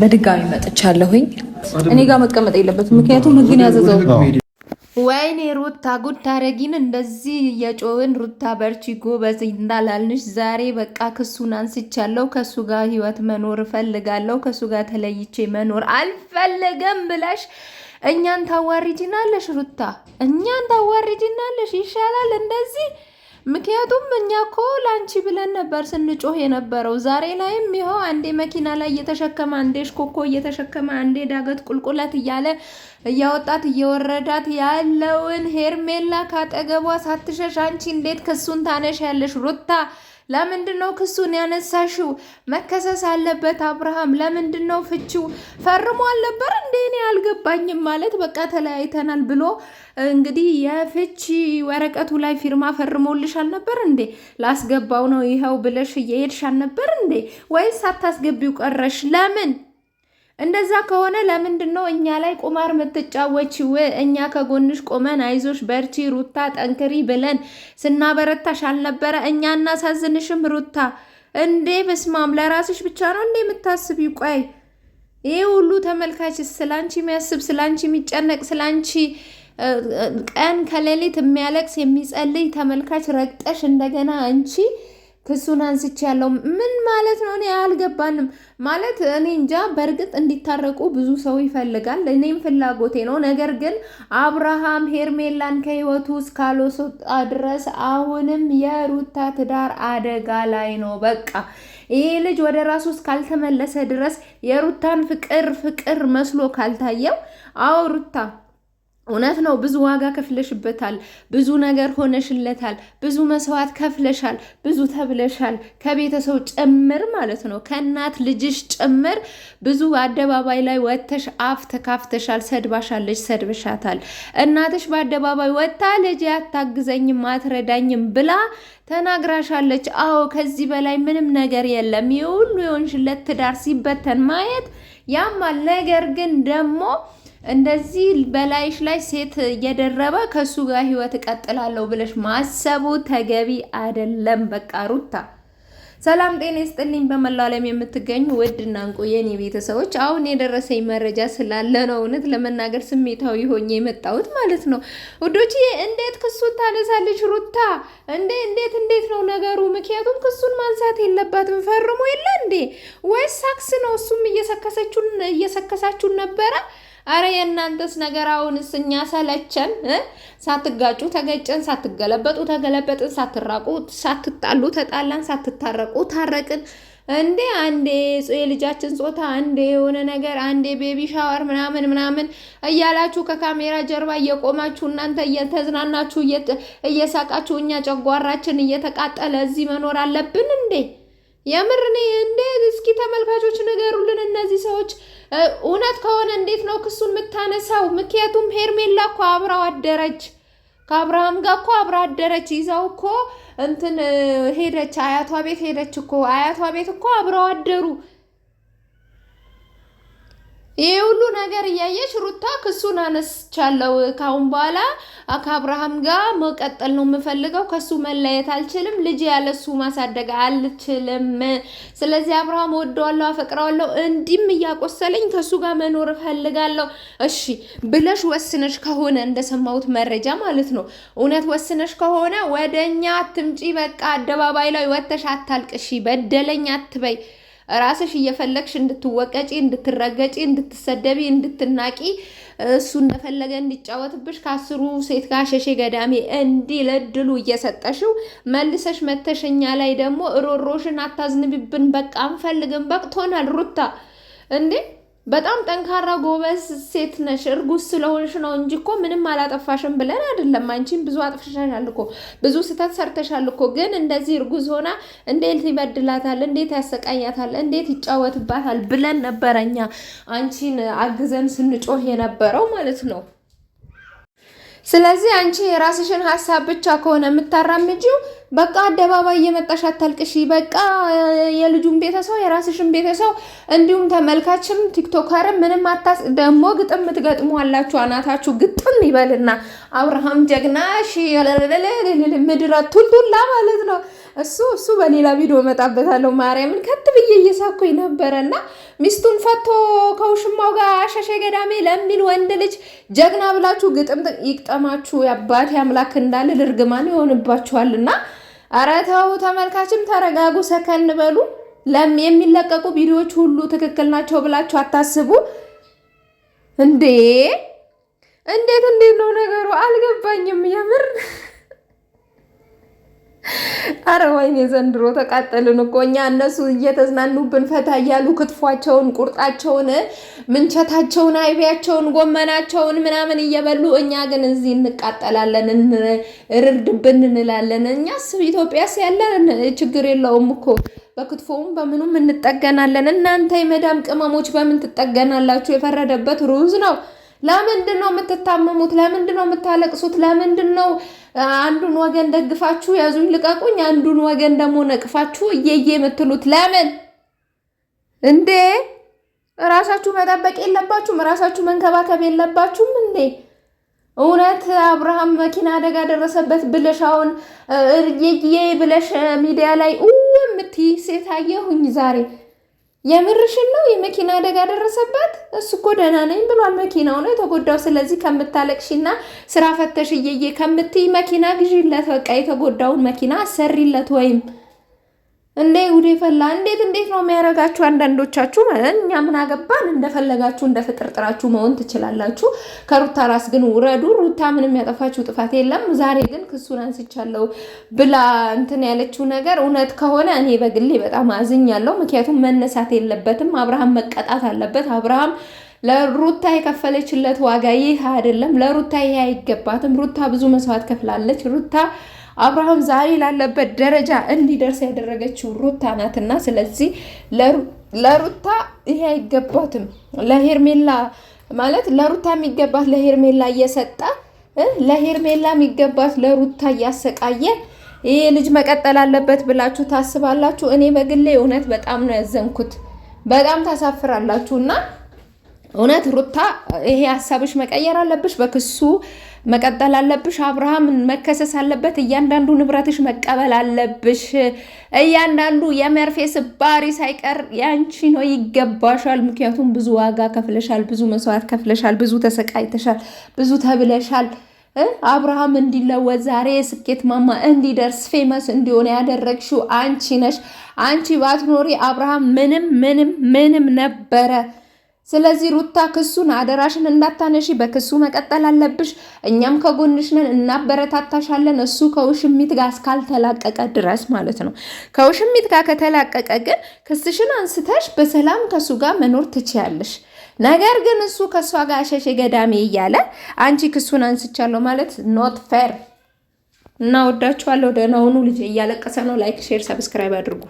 በድጋሚ መጥቻለሁኝ። እኔ ጋር መቀመጥ የለበትም፣ ምክንያቱም ህግን ያዘዘው ወይኔ ሩታ ጉድ ታረጊን። እንደዚህ የጮህን ሩታ በርቺ ጎበዝ እንዳላልንሽ ዛሬ በቃ ክሱን አንስቻለሁ። ከሱ ጋር ህይወት መኖር እፈልጋለሁ፣ ከሱ ጋር ተለይቼ መኖር አልፈለገም ብለሽ እኛን ታዋሪጅናለሽ ሩታ፣ እኛን ታዋሪጅናለሽ። ይሻላል እንደዚህ ምክንያቱም እኛ እኮ ላንቺ ብለን ነበር ስንጮህ የነበረው። ዛሬ ላይም ይኸው አንዴ መኪና ላይ እየተሸከመ አንዴ ሽኮኮ እየተሸከመ አንዴ ዳገት ቁልቁለት እያለ እያወጣት እየወረዳት ያለውን ሄርሜላ ካጠገቧ ሳትሸሽ አንቺ እንዴት ክሱን ታነሽ ያለሽ ሩታ ለምንድን ነው ክሱን ያነሳሽው? መከሰስ አለበት አብርሃም። ለምንድን ነው ፍቺው ፈርሞ አልነበር እንዴ? እኔ አልገባኝም። ማለት በቃ ተለያይተናል ብሎ እንግዲህ የፍቺ ወረቀቱ ላይ ፊርማ ፈርሞልሽ አልነበር እንዴ? ላስገባው ነው ይኸው ብለሽ እየሄድሽ አልነበር እንዴ? ወይስ አታስገቢው ቀረሽ? ለምን እንደዛ ከሆነ ለምንድን ነው እኛ ላይ ቁማር የምትጫወችው? እኛ ከጎንሽ ቆመን አይዞሽ፣ በርቺ፣ ሩታ ጠንክሪ ብለን ስናበረታሽ አልነበረ? እኛ እናሳዝንሽም ሩታ እንዴ? በስማም ለራስሽ ብቻ ነው እንዴ የምታስብ? ቆይ ይህ ሁሉ ተመልካች ስላንቺ የሚያስብ ስላንቺ የሚጨነቅ ስላንቺ ቀን ከሌሊት የሚያለቅስ የሚጸልይ ተመልካች ረግጠሽ እንደገና አንቺ ክሱን አንስቼ ያለው ምን ማለት ነው? እኔ አልገባንም ማለት እኔ እንጃ። በእርግጥ እንዲታረቁ ብዙ ሰው ይፈልጋል፣ እኔም ፍላጎቴ ነው። ነገር ግን አብርሃም ሄርሜላን ከህይወቱ እስካልወጣ ድረስ አሁንም የሩታ ትዳር አደጋ ላይ ነው። በቃ ይሄ ልጅ ወደ ራሱ እስካልተመለሰ ድረስ የሩታን ፍቅር ፍቅር መስሎ ካልታየው አዎ ሩታ እውነት ነው። ብዙ ዋጋ ከፍለሽበታል። ብዙ ነገር ሆነሽለታል። ብዙ መስዋዕት ከፍለሻል። ብዙ ተብለሻል። ከቤተሰብ ጭምር ማለት ነው፣ ከእናት ልጅሽ ጭምር ብዙ አደባባይ ላይ ወጥተሽ አፍ ተካፍተሻል። ሰድባሻለች፣ ሰድብሻታል። እናትሽ በአደባባይ ወጥታ ልጄ አታግዘኝም፣ አትረዳኝም ብላ ተናግራሻለች። አዎ ከዚህ በላይ ምንም ነገር የለም። ይህ ሁሉ የሆንሽለት ትዳር ሲበተን ማየት ያማል። ነገር ግን ደግሞ እንደዚህ በላይሽ ላይ ሴት እየደረበ ከሱ ጋር ህይወት እቀጥላለሁ ብለሽ ማሰቡ ተገቢ አይደለም። በቃ ሩታ ሰላም ጤና ይስጥልኝ። በመላው ዓለም የምትገኙ ውድ እና እንቁ የኔ ቤተሰቦች አሁን የደረሰኝ መረጃ ስላለ ነው እውነት ለመናገር ስሜታዊ ሆኜ የመጣሁት ማለት ነው። ውዶች እንዴት ክሱን ታነሳለች ሩታ? እንዴ እንዴት እንዴት ነው ነገሩ? ምክንያቱም ክሱን ማንሳት የለባትም ፈርሞ የለ እንዴ ወይስ ሳክስ ነው? እሱም እየሰከሰችሁን እየሰከሳችሁን ነበረ አረ የእናንተስ ነገር አሁንስ እኛ ሰለቸን። ሳትጋጩ ተገጨን፣ ሳትገለበጡ ተገለበጥን፣ ሳትራቁ ሳትጣሉ ተጣላን፣ ሳትታረቁ ታረቅን። እንዴ አንዴ የልጃችን ጾታ አንዴ የሆነ ነገር አንዴ ቤቢ ሻወር ምናምን ምናምን እያላችሁ ከካሜራ ጀርባ እየቆማችሁ እናንተ እየተዝናናችሁ እየሳቃችሁ እኛ ጨጓራችን እየተቃጠለ እዚህ መኖር አለብን እንዴ? የምር እኔ እንዴት እስኪ ተመልካቾች ንገሩልን። እነዚህ ሰዎች እውነት ከሆነ እንዴት ነው ክሱን የምታነሳው? ምክንያቱም ሄርሜላ እኮ አብራው አደረች ከአብርሃም ጋር እኮ አብራ አደረች። ይዛው እኮ እንትን ሄደች፣ አያቷ ቤት ሄደች እኮ አያቷ ቤት እኮ አብረው አደሩ። ይሄ ሁሉ ነገር እያየች ሩታ ክሱን አነስቻለሁ ካሁን በኋላ ከአብርሃም ጋር መቀጠል ነው የምፈልገው። ከሱ መለየት አልችልም። ልጅ ያለሱ ማሳደግ አልችልም። ስለዚህ አብርሃም ወደዋለሁ፣ አፈቅረዋለሁ፣ እንዲም እያቆሰለኝ ከሱ ጋር መኖር እፈልጋለሁ። እሺ ብለሽ ወስነሽ ከሆነ እንደሰማሁት መረጃ ማለት ነው እውነት ወስነሽ ከሆነ ወደኛ አትምጪ። በቃ አደባባይ ላይ ወተሽ አታልቅሺ፣ በደለኝ አትበይ። ራስሽ እየፈለግሽ እንድትወቀጪ፣ እንድትረገጪ፣ እንድትሰደቢ፣ እንድትናቂ እሱ እንደፈለገ እንዲጫወትብሽ ከአስሩ ሴት ጋር ሸሼ ገዳሜ እንዲል እድሉ እየሰጠሽው መልሰሽ መተሸኛ ላይ ደግሞ እሮሮሽን አታዝንቢብን። በቃ አንፈልግም፣ በቅቶናል ሩታ እንዴ በጣም ጠንካራ ጎበዝ ሴት ነሽ፣ እርጉዝ ስለሆንሽ ነው እንጂ እኮ ምንም አላጠፋሽም ብለን አይደለም። አንቺም ብዙ አጥፍሻሻል እኮ ብዙ ስህተት ሰርተሻል እኮ። ግን እንደዚህ እርጉዝ ሆና እንዴት ይበድላታል፣ እንዴት ያሰቃያታል፣ እንዴት ይጫወትባታል ብለን ነበረ አንቺን አግዘን ስንጮህ የነበረው ማለት ነው። ስለዚህ አንቺ የራስሽን ሀሳብ ብቻ ከሆነ የምታራምጂው፣ በቃ አደባባይ እየመጣሽ አታልቅሺ። በቃ የልጁን ቤተሰብ የራስሽን ቤተሰብ እንዲሁም ተመልካችም ቲክቶከርም ምንም አታስ ደግሞ ግጥም የምትገጥሙ አላችሁ። አናታችሁ ግጥም ይበልና አብርሃም ጀግና ሺ ምድረ ቱልቱላ ማለት ነው። እሱ እሱ በሌላ ቪዲዮ መጣበታለሁ። ማርያምን ከት ብዬ እየሳኩኝ እና ሚስቱን ፈቶ ከውሽማው ጋር አሸሼ ገዳሜ ለሚል ወንድ ልጅ ጀግና ብላችሁ ግጥም ይቅጠማችሁ የአባቴ አምላክ እንዳለ እርግማን ይሆንባችኋልና፣ ኧረ ተው ተመልካችም ተረጋጉ፣ ሰከን በሉ። ለም የሚለቀቁ ቪዲዮዎች ሁሉ ትክክል ናቸው ብላችሁ አታስቡ እንዴ! እንዴት እንዴት ነው ነገሩ? አልገባኝም የምር አረ ወይኔ ዘንድሮ ተቃጠልን እኮ እኛ። እነሱ እየተዝናኑብን ፈታ እያሉ ክትፏቸውን፣ ቁርጣቸውን፣ ምንቸታቸውን፣ አይቢያቸውን ጎመናቸውን ምናምን እየበሉ እኛ ግን እዚህ እንቃጠላለን፣ እርድብን እንላለን። እኛስ ኢትዮጵያስ ያለን ችግር የለውም እኮ በክትፎውም በምኑም እንጠገናለን። እናንተ የመዳም ቅመሞች በምን ትጠገናላችሁ? የፈረደበት ሩዝ ነው። ለምንድን ነው የምትታመሙት? ለምንድን ነው የምታለቅሱት? ለምንድን ነው አንዱን ወገን ደግፋችሁ ያዙኝ ልቀቁኝ፣ አንዱን ወገን ደግሞ ነቅፋችሁ እየዬ የምትሉት ለምን እንዴ? ራሳችሁ መጠበቅ የለባችሁም? ራሳችሁ መንከባከብ የለባችሁም እንዴ? እውነት አብርሃም መኪና አደጋ ደረሰበት ብለሽ አሁን እየዬ ብለሽ ሚዲያ ላይ የምትይ ሴት አየሁኝ ዛሬ። የምርሽን ነው? የመኪና አደጋ ደረሰበት? እሱ እኮ ደህና ነኝ ብሏል። መኪናው ነው የተጎዳው። ስለዚህ ከምታለቅሽና ስራ ፈተሽ እየዬ ከምትይ መኪና ግዢለት። በቃ የተጎዳውን መኪና አሰሪለት ወይም እንዴ ጉዴ ፈላ። እንዴት እንዴት ነው የሚያደርጋችሁ? አንዳንዶቻችሁ ማለት እኛ ምን አገባን፣ እንደፈለጋችሁ እንደፍጥርጥራችሁ መሆን ትችላላችሁ። ከሩታ ራስ ግን ውረዱ። ሩታ ምንም ያጠፋችሁ ጥፋት የለም። ዛሬ ግን ክሱን አንስቻለሁ ብላ እንትን ያለችው ነገር እውነት ከሆነ እኔ በግሌ በጣም አዝኛለሁ። ምክንያቱም መነሳት የለበትም አብርሃም መቀጣት አለበት። አብርሃም ለሩታ የከፈለችለት ዋጋ ይህ አይደለም። ለሩታ ይህ አይገባትም። ሩታ ብዙ መስዋዕት ከፍላለች። ሩታ አብርሃም ዛሬ ላለበት ደረጃ እንዲደርስ ያደረገችው ሩታ ናትና፣ ስለዚህ ለሩታ ይሄ አይገባትም። ለሄርሜላ ማለት ለሩታ የሚገባት ለሄርሜላ እየሰጠ ለሄርሜላ የሚገባት ለሩታ እያሰቃየ ይሄ ልጅ መቀጠል አለበት ብላችሁ ታስባላችሁ? እኔ በግሌ እውነት በጣም ነው ያዘንኩት። በጣም ታሳፍራላችሁ እና እውነት ሩታ ይሄ ሀሳብሽ መቀየር አለብሽ በክሱ መቀጠል አለብሽ። አብርሃም መከሰስ አለበት። እያንዳንዱ ንብረትሽ መቀበል አለብሽ። እያንዳንዱ የመርፌ ስባሪ ሳይቀር ያንቺ ነው፣ ይገባሻል። ምክንያቱም ብዙ ዋጋ ከፍለሻል፣ ብዙ መስዋዕት ከፍለሻል፣ ብዙ ተሰቃይተሻል፣ ብዙ ተብለሻል። አብርሃም እንዲለወጥ ዛሬ ስኬት ማማ እንዲደርስ ፌመስ እንዲሆነ ያደረግሽው አንቺ ነሽ። አንቺ ባትኖሪ አብርሃም ምንም ምንም ምንም ነበረ። ስለዚህ ሩታ ክሱን አደራሽን እንዳታነሺ፣ በክሱ መቀጠል አለብሽ። እኛም ከጎንሽ ነን፣ እናበረታታሻለን። እሱ ከውሽሚት ጋር እስካልተላቀቀ ድረስ ማለት ነው። ከውሽሚት ጋር ከተላቀቀ ግን ክስሽን አንስተሽ በሰላም ከሱ ጋር መኖር ትችያለሽ። ነገር ግን እሱ ከእሷ ጋር ሸሼ ገዳሜ እያለ አንቺ ክሱን አንስቻለሁ ማለት ኖት ፌር። እናወዳችኋለሁ። ደህና ሁኑ። ልጅ እያለቀሰ ነው። ላይክ፣ ሼር፣ ሰብስክራይብ አድርጉ።